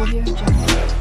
Audio Jungle.